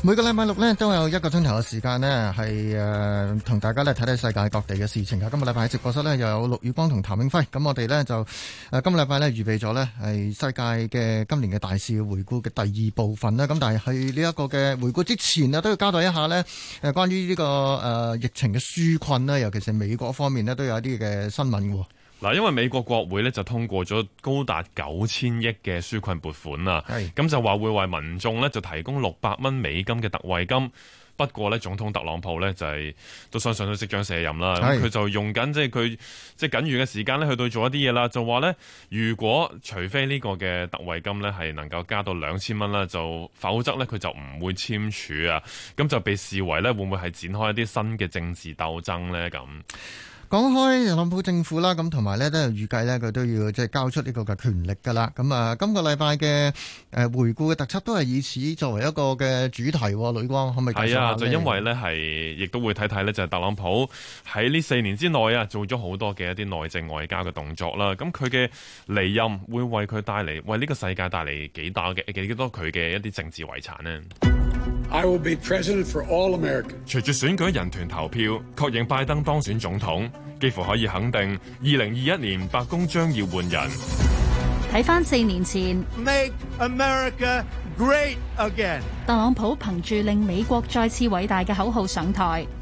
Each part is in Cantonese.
每個禮拜六呢都有一個鐘頭嘅時間呢係誒同大家呢睇睇世界各地嘅事情啊！今個禮拜喺直播室呢又有陸宇光同譚永輝。咁我哋呢，就、呃、誒，今個禮拜呢預備咗呢係世界嘅今年嘅大事回顧嘅第二部分啦。咁但係喺呢一個嘅回顧之前呢都要交代一下呢誒、這個，關於呢個誒疫情嘅紓困，尤其是美國方面呢都有一啲嘅新聞喎。嗱，因為美國國會咧就通過咗高達九千億嘅紓困撥款啦，咁是就話會為民眾咧就提供六百蚊美金嘅特惠金。不過咧，總統特朗普咧就係、是、都相信都即將卸任啦，佢是就用緊即係佢即係僅餘嘅時間咧去到做一啲嘢啦，就話咧如果除非呢個嘅特惠金咧係能夠加到兩千蚊啦，就否則咧佢就唔會簽署啊。咁就被視為咧會唔會係展開一啲新嘅政治鬥爭咧？咁？講開特朗普政府啦，咁同埋咧都係預計咧佢都要即係交出呢個嘅權力噶啦。咁啊、呃，今個禮拜嘅誒回顧嘅特輯都係以此作為一個嘅主題。宇光可唔可以？係啊，就因為咧係亦都會睇睇咧，就係、是、特朗普喺呢四年之內啊做咗好多嘅一啲內政外交嘅動作啦。咁佢嘅離任會為佢帶嚟，為呢個世界帶嚟幾大嘅幾多佢嘅一啲政治遺產呢？I will be president for all Americans. 隨住選舉人團投票確認拜登當選總統，幾乎可以肯定，二零二一年白宮將要換人。睇返四年前，Make America Great Again，特朗普憑住令美國再次偉大嘅口號上台。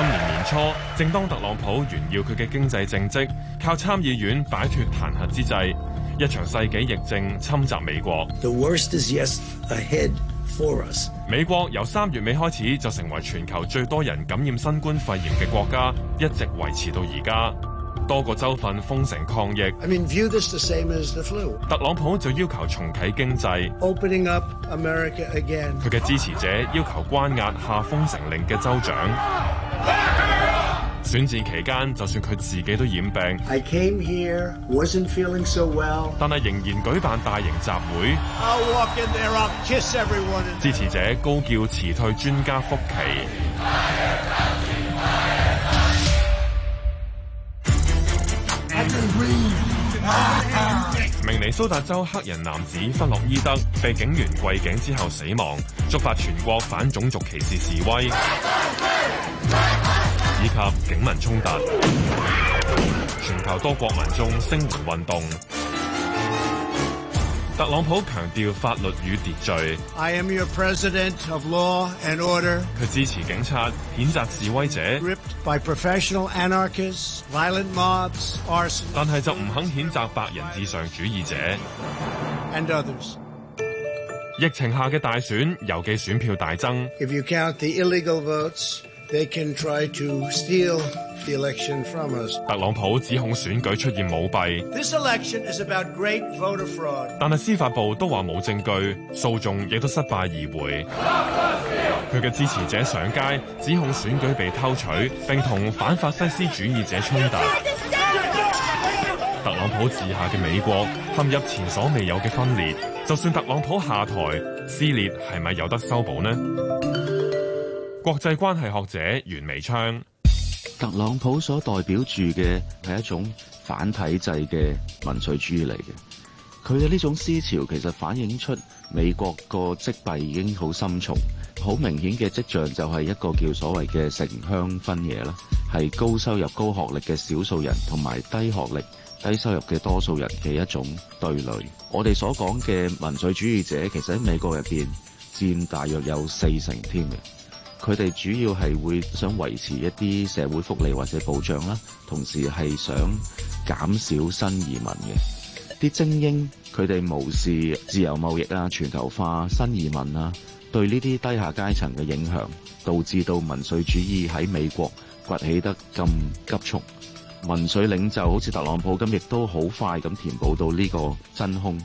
今年年初，正當特朗普炫耀佢嘅經濟政績，靠參議院擺脫彈劾之際，一場世紀疫症侵襲美國。The worst is yet ahead for us. 美國由三月尾開始就成為全球最多人感染新冠肺炎嘅國家，一直維持到而家。多個州份封城抗疫，I mean, 特朗普就要求重啟經濟。Opening up America again. 佢嘅支持者要求關押下封城令嘅州長。I am. 選戰期間，就算佢自己都染病，I came here, wasn't feeling so well. 但係仍然舉辦大型集會。There, 支持者高叫辭退專家福奇。明尼蘇達州黑人男子弗洛伊德被警員跪頸之後死亡，觸發全國反種族歧視示威，以及警民衝突。全球多國民眾聲援運動。特朗普強調法律與秩序，佢支持警察，譴責示威者，但係就唔肯譴責白人至上主義者。疫情下嘅大選，郵寄選票大增。They can try to steal the election from us. 特朗普指控選舉出現舞弊。This election is about great voter fraud. 但係司法部都話冇證據，訴訟亦都失敗而回。斯佢嘅支持者上街指控選舉被偷取，並同反法西斯主義者衝突。特朗普治下嘅美國陷入前所未有嘅分裂，就算特朗普下台，撕裂係咪有得修補呢？國際關係學者袁彌昌，特朗普所代表住嘅係一種反體制嘅民粹主義嚟嘅。佢嘅呢種思潮其實反映出美國個積弊已經好深重，好明顯嘅跡象就係一個叫所謂嘅城鄉分野啦，係高收入高學歷嘅少數人同埋低學歷低收入嘅多數人嘅一種對壘。我哋所講嘅民粹主義者，其實喺美國入邊佔大約有四成添嘅。佢哋主要係會想維持一啲社會福利或者保障啦，同時係想減少新移民嘅。啲精英佢哋無視自由貿易啊、全球化、新移民啊，對呢啲低下階層嘅影響，導致到民粹主義喺美國崛起得咁急速。民粹領袖好似特朗普那，咁亦都好快咁填補到呢個真空。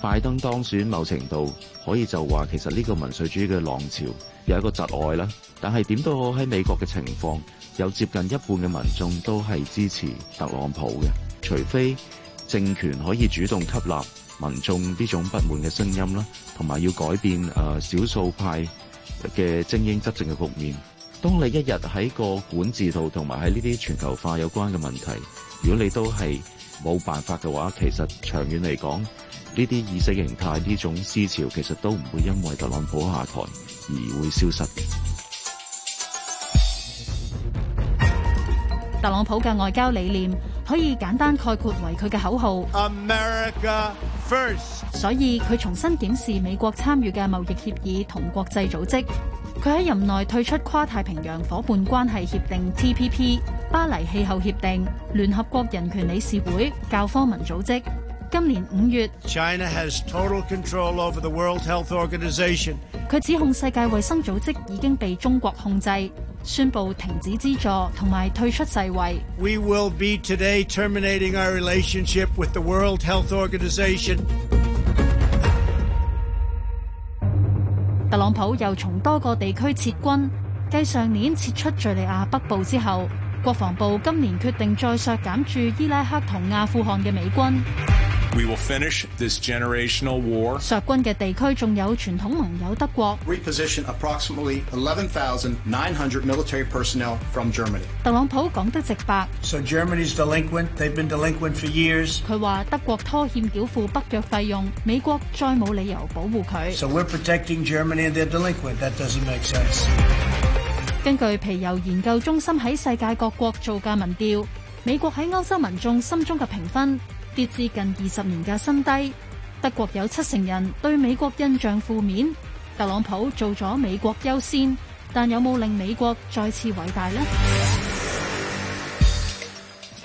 拜登當選某程度可以就話，其實呢個民粹主義嘅浪潮有一個窒礙啦。但係點都好，喺美國嘅情況，有接近一半嘅民眾都係支持特朗普嘅。除非政權可以主動吸納民眾呢種不滿嘅聲音啦，同埋要改變誒少數派嘅精英執政嘅局面。當你一日喺個管治度同埋喺呢啲全球化有關嘅問題，如果你都係。冇辦法嘅話，其實長遠嚟講，呢啲意識形態呢種思潮其實都唔會因為特朗普下台而會消失。特朗普嘅外交理念可以簡單概括為佢嘅口號 America First，所以佢重新檢視美國參與嘅貿易協議同國際組織。佢喺任內退出跨太平洋伙伴關係協定 TPP。巴黎氣候協定、聯合國人權理事會、教科文組織，今年五月，China has total control over the World Health Organization. 佢指控世界衛生組織已經被中國控制，宣布停止資助同埋退出世衛。We will be terminating our relationship with the World Health Organization. 特朗普又從多個地區撤軍，繼上年撤出敍利亞北部之後。國防部今年決定再削減駐伊拉克同阿富汗嘅美軍。We will finish this generational war. 削軍嘅地區仲有傳統盟友德國。Reposition approximately 11,900 military personnel from Germany. 特朗普講得直白。So Germany's delinquent. They've been delinquent for years. 佢話德國拖欠繳付北約費用，美國再冇理由保護佢。So we're protecting Germany and they're delinquent. That doesn't make sense. 根據皮尤研究中心喺世界各國做嘅民調，美國喺歐洲民眾心中嘅評分跌至近二十年嘅新低。德國有七成人對美國印象負面。特朗普做咗美國優先，但有冇令美國再次偉大呢？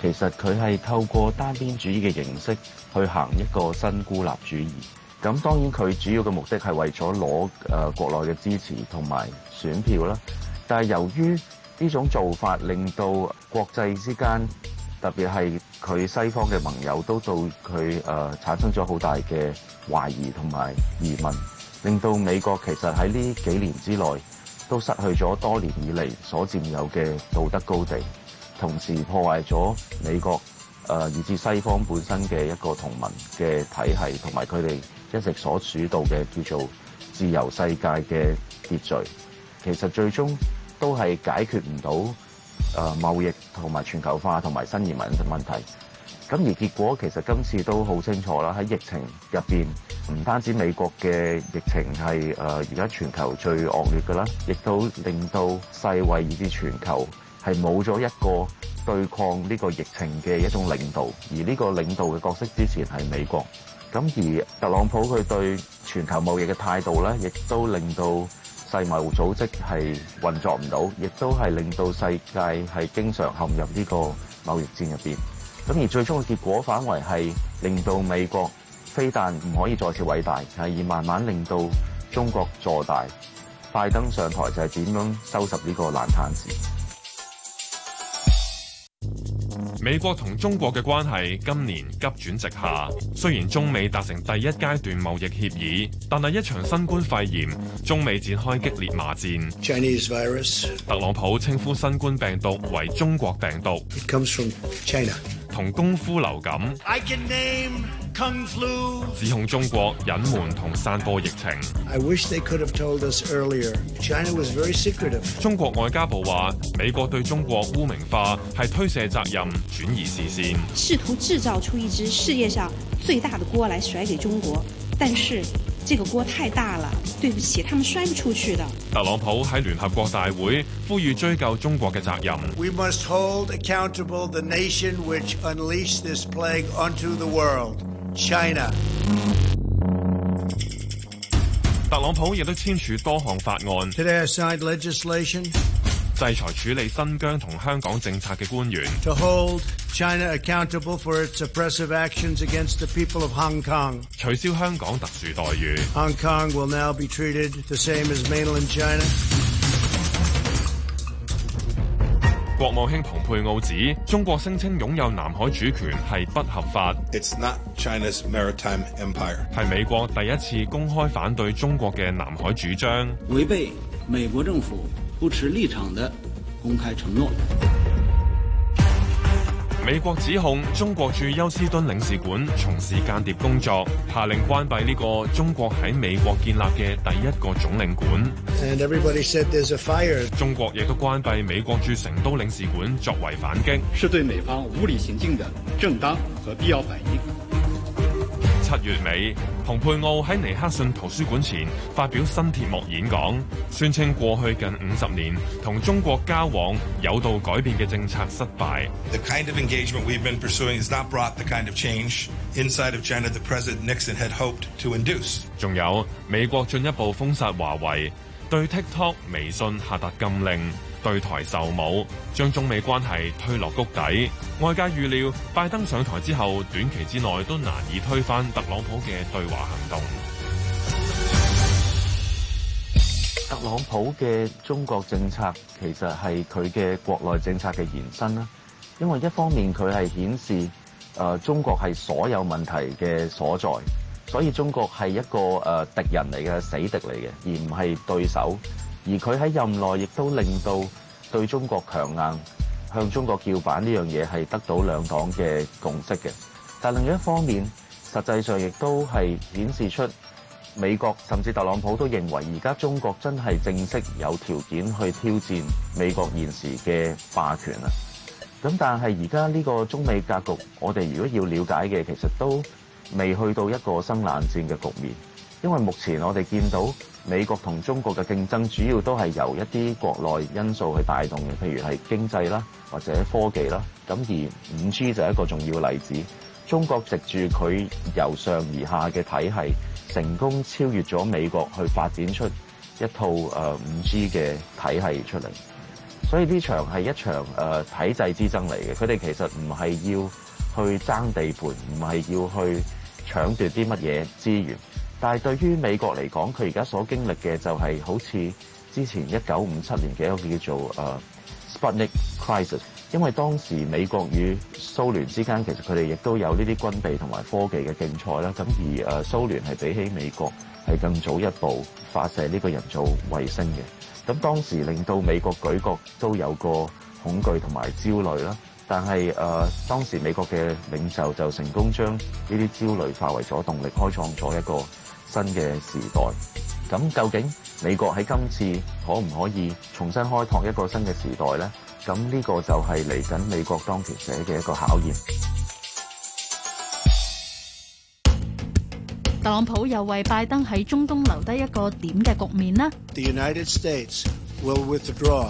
其實佢係透過單邊主義嘅形式去行一個新孤立主義。咁當然，佢主要嘅目的係為咗攞誒國內嘅支持同埋選票啦。但係由於呢種做法，令到國際之間，特別係佢西方嘅盟友都對佢、呃、產生咗好大嘅懷疑同埋疑問，令到美國其實喺呢幾年之內都失去咗多年以嚟所佔有嘅道德高地，同時破壞咗美國、呃、以至西方本身嘅一個同盟嘅體系，同埋佢哋一直所主導嘅叫做自由世界嘅秩序，其實最終，都係解決唔到、呃、貿易同埋全球化同埋新移民問題。咁而結果其實今次都好清楚啦，喺疫情入邊，唔單止美國嘅疫情係誒而家全球最惡劣㗎啦，亦都令到世衛以至全球係冇咗一個對抗呢個疫情嘅一種領導。而呢個領導嘅角色之前係美國。咁而特朗普佢對全球貿易嘅態度咧，亦都令到。世貿組織係運作唔到，亦都係令到世界係經常陷入呢個貿易戰入邊。咁而最終嘅結果反為係令到美國非但唔可以再次偉大，係而，而慢慢令到中國坐大。拜登上台就係點樣收拾呢個爛攤子？美國同中國嘅關係今年急轉直下，雖然中美達成第一階段貿易協議，但係一場新冠肺炎，中美展開激烈罵戰。Chinese virus，特朗普稱呼新冠病毒為中國病毒。It comes from China. 同功夫流感，I can name Kung Flu. 指控中國隱瞞同散播疫情。I wish they could have told us earlier. China was very secretive. 中國外交部話美國對中國污名化係推卸責任，轉移視線，試圖製造出一隻世界上最大的鍋來甩給中國，但是這個鍋太大了。對不起，他們摔不出去的。特朗普喺聯合國大會呼籲追究中國嘅責任。We must hold accountable the nation which unleashed this plague onto the world, China. 特朗普亦都簽署多項法案。Today I signed legislation. 制裁處理新疆同香港政策嘅官員，取消香港特殊待遇。國務卿蓬佩奧指中國聲稱擁有南海主權係不合法，係美國第一次公開反對中國嘅南海主張，違背美國政府不持立場的公開承諾。美國指控中國駐休斯敦領事館從事間諜工作，下令關閉呢個中國喺美國建立嘅第一個總領館。中國亦都關閉美國駐成都領事館作為反擊。是對美方無理行徑的正當和必要反應。七月尾，蓬佩奧喺尼克遜圖書館前發表新鐵幕演講，宣稱過去近五十年同中國交往有度改變嘅政策失敗。The kind of engagement we've been pursuing has not brought the kind of change inside of China that President Nixon had hoped to induce. 仲有美國進一步封殺華為，對 TikTok、微信下達禁令。對台售武，將中美關係推落谷底。外界預料，拜登上台之後，短期之內都難以推翻特朗普嘅對華行動。特朗普嘅中國政策其實係佢嘅國內政策嘅延伸啦，因為一方面佢係顯示誒、呃、中國係所有問題嘅所在，所以中國係一個誒、呃、敵人嚟嘅死敵嚟嘅，而唔係對手。而佢喺任內亦都令到對中國強硬、向中國叫板呢樣嘢係得到兩黨嘅共識嘅。但另一方面，實際上亦都係顯示出美國甚至特朗普都認為而家中國真係正式有條件去挑戰美國現時嘅霸權啦。咁但係而家呢個中美格局，我哋如果要了解嘅，其實都未去到一個新冷戰嘅局面。因為目前我哋見到美國同中國嘅競爭，主要都係由一啲國內因素去帶動嘅，譬如係經濟啦，或者科技啦。咁而五 G 就係一個重要例子。中國藉住佢由上而下嘅體系，成功超越咗美國，去發展出一套誒五 G 嘅體系出嚟。所以呢場係一場誒體制之爭嚟嘅。佢哋其實唔係要去爭地盤，唔係要去搶奪啲乜嘢資源。但係對於美國嚟講，佢而家所經歷嘅就係好似之前一九五七年嘅一個叫做、uh, Sputnik Crisis，因為當時美國與蘇聯之間其實佢哋亦都有呢啲軍備同埋科技嘅競賽啦。咁而呃、蘇聯係比起美國係更早一步發射呢個人造衛星嘅。咁當時令到美國舉國都有個恐懼同埋焦慮啦。但係、呃、當時美國嘅領袖就成功將呢啲焦慮化為咗動力，開創咗一個新嘅時代，咁究竟美國喺今次可唔可以重新開拓一個新嘅時代呢？咁呢個就係嚟緊美國當權者嘅一個考驗。特朗普又為拜登喺中東留低一個點嘅局面呢？The United States will withdraw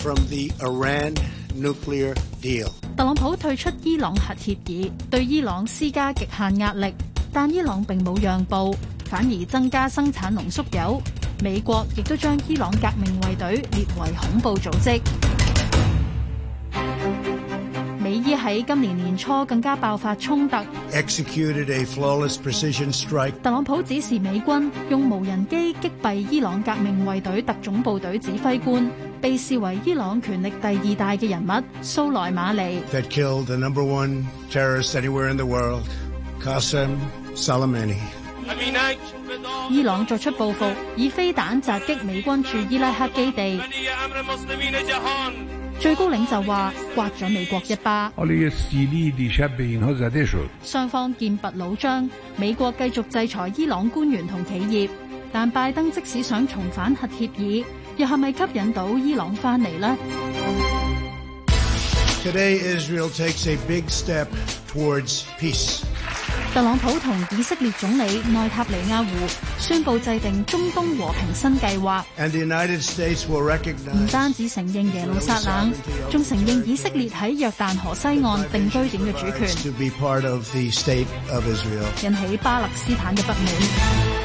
from the Iran nuclear deal. 特朗普退出伊朗核協議，對伊朗施加極限壓力，但伊朗並冇讓步。反而增加生產濃縮鈾。美國亦都將伊朗革命衛隊列為恐怖組織。美伊喺今年年初更加爆發衝突。特朗普指示美軍用無人機擊斃伊朗革命衛隊特種部隊指揮官，被視為伊朗權力第二大嘅人物蘇萊馬尼。伊朗作出報復，以飛彈襲擊美軍駐伊拉克基地。最高領袖話：刮咗美國一巴。雙 方劍拔弩張，美國繼續制裁伊朗官員同企業，但拜登即使想重返核協議，又係咪吸引到伊朗翻嚟呢？Today, Israel takes a big step towards peace 特朗普同以色列總理內塔尼亞胡宣布制定中東和平新計劃，唔單止承認耶路撒冷，仲 United 承認以色列喺約旦河西岸定居點嘅主權，引起巴勒斯坦嘅不滿。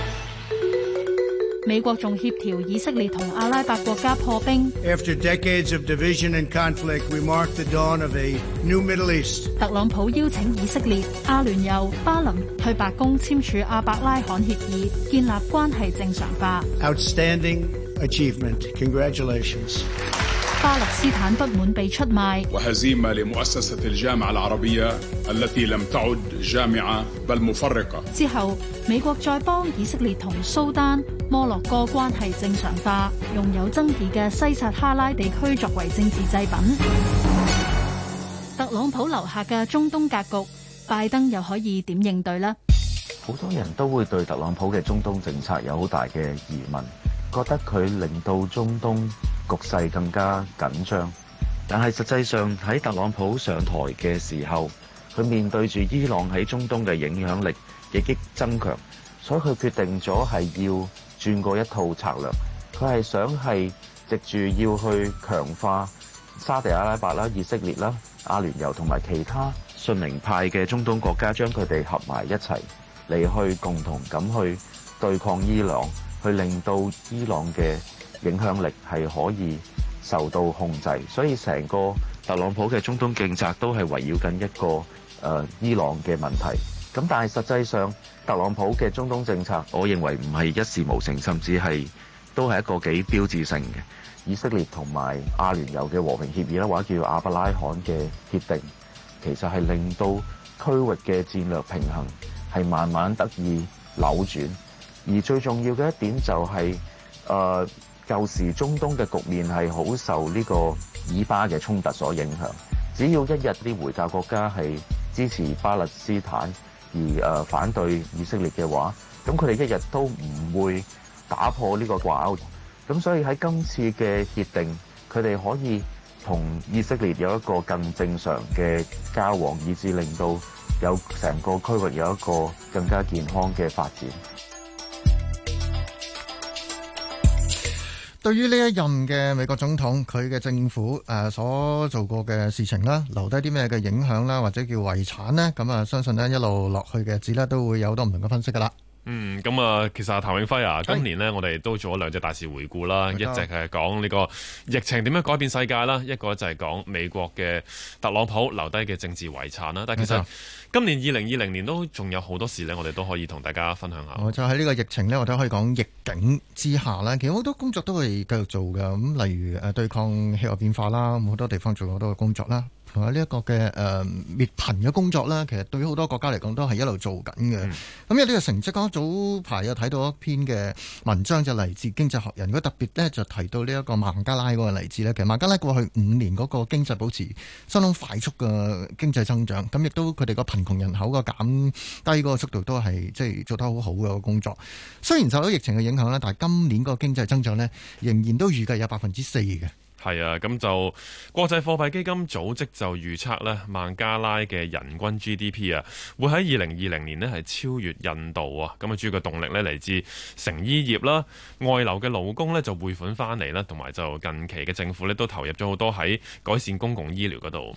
美國仲協調以色列同阿拉伯國家破冰。After decades of division and conflict, we mark the dawn of a new Middle East. 特朗普邀請以色列、阿聯酋、巴林去白宮簽署《阿伯拉罕協議》，建立關係正常化。Outstanding achievement. Congratulations. 巴勒斯坦不滿被出賣。之後，美國再幫以色列同蘇丹。摩洛哥關係正常化，用有爭議嘅西撒哈拉地區作為政治祭品。特朗普留下嘅中東格局，拜登又可以點應對呢？好多人都會對特朗普嘅中東政策有好大嘅疑問，覺得佢令到中東局勢更加緊張。但係實際上喺特朗普上台嘅時候，佢面對住伊朗喺中東嘅影響力日益增強，所以佢決定咗係要。轉過一套策略，佢係想係藉住要去強化沙地阿拉伯啦、以色列啦、阿聯酋同埋其他遜尼派嘅中東國家，將佢哋合埋一齊，嚟去共同咁去對抗伊朗，去令到伊朗嘅影響力係可以受到控制。所以成個特朗普嘅中東政策都係圍繞緊一個誒伊朗嘅問題。咁但係實際上，特朗普嘅中東政策，我認為唔係一事無成，甚至係都係一個幾標誌性嘅以色列同埋阿聯酋嘅和平協議啦，或者叫亞伯拉罕嘅協定，其實，係令到區域嘅戰略平衡係慢慢得以扭轉，而最重要嘅一點，就是，就、呃、係，誒舊時中東嘅局面係好受呢個以巴嘅衝突所影響，只要一日啲回教國家係支持巴勒斯坦。而誒反對以色列嘅話，咁佢哋一日都唔會打破呢個掛鈎，咁所以喺今次嘅協定，佢哋可以同以色列有一個更正常嘅交往，以致令到有成個區域有一個更加健康嘅發展。對於呢一任嘅美國總統，佢嘅政府誒所做過嘅事情啦，留低啲咩嘅影響啦，或者叫遺產呢？咁啊，相信呢一路落去嘅日子呢，都會有好多唔同嘅分析噶啦。嗯，咁啊，其實啊，譚永輝啊，今年呢，我哋都做咗兩隻大事回顧啦。是的一直係講呢個疫情點樣改變世界啦，一個就係講美國嘅特朗普留低嘅政治遺產啦。但係其實今年二零二零年都仲有好多事呢，我哋都可以同大家分享下。的就喺呢個疫情呢，我哋都可以講逆境之下咧，其實好多工作都係繼續做嘅。咁例如誒對抗氣候變化啦，好多地方做好多嘅工作啦。同埋呢一個嘅誒、呃、滅貧嘅工作咧，其實對於好多國家嚟講都係一路做緊嘅。咁、嗯嗯、有啲嘅成績啦，早排又睇到一篇嘅文章，就嚟、是、自經濟學人，如果特別咧就提到呢一個孟加拉嗰個例子咧。其實孟加拉過去五年嗰個經濟保持相當快速嘅經濟增長，咁亦都佢哋個貧窮人口個減低個速度都係即係做得很好好嘅工作。雖然受到疫情嘅影響咧，但係今年個經濟增長呢，仍然都預計有百分之四嘅。係啊，咁就國際貨幣基金組織就預測咧，孟加拉嘅人均 GDP 啊，會喺二零二零年呢係超越印度啊。咁啊，主要嘅動力呢嚟自成衣業啦，外流嘅勞工呢就匯款翻嚟啦，同埋就近期嘅政府呢都投入咗好多喺改善公共醫療嗰度。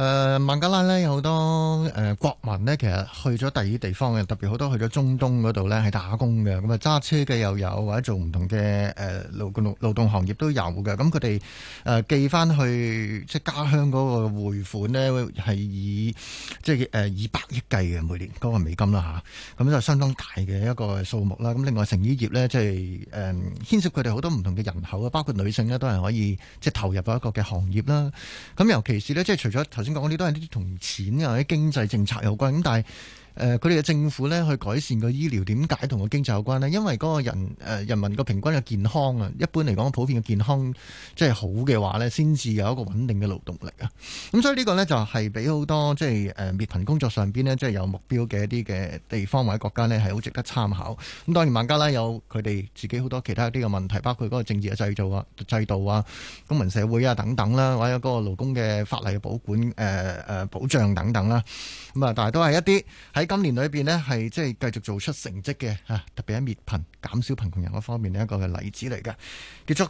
誒孟加拉咧有好多誒、呃、國民呢，其實去咗第二地方嘅，特別好多去咗中東嗰度呢，係打工嘅，咁啊揸車嘅又有，或者做唔同嘅誒勞工勞動行業都有嘅。咁佢哋誒寄翻去即係家鄉嗰個匯款呢，係以即係誒以百億計嘅每年嗰個美金啦嚇，咁、啊、就相當大嘅一個數目啦。咁、啊、另外成衣業呢，即係誒、呃、牽涉佢哋好多唔同嘅人口啊，包括女性呢，都係可以即係投入到一個嘅行業啦。咁、啊、尤其是呢，即係除咗頭先。我哋都係呢啲同錢啊或者經濟政策有關，咁但係誒佢哋嘅政府咧去改善個醫療，點解同個經濟有關呢？因為嗰個人誒、呃、人民個平均嘅健康啊，一般嚟講普遍嘅健康即係、就是、好嘅話呢先至有一個穩定嘅勞動力啊。咁所以呢個呢，就係俾好多即係誒滅貧工作上邊咧，即、就、係、是、有目標嘅一啲嘅地方或者國家呢係好值得參考。咁當然孟加拉有佢哋自己好多其他啲嘅問題，包括嗰個政治嘅製造啊、制度啊、公民社會啊等等啦，或者嗰個勞工嘅法例嘅保管誒誒、呃、保障等等啦。咁啊，但係都係一啲。喺今年裏邊呢，係即係繼續做出成績嘅吓，特別喺滅貧、減少貧窮人嗰方面呢一個嘅例子嚟嘅。結束。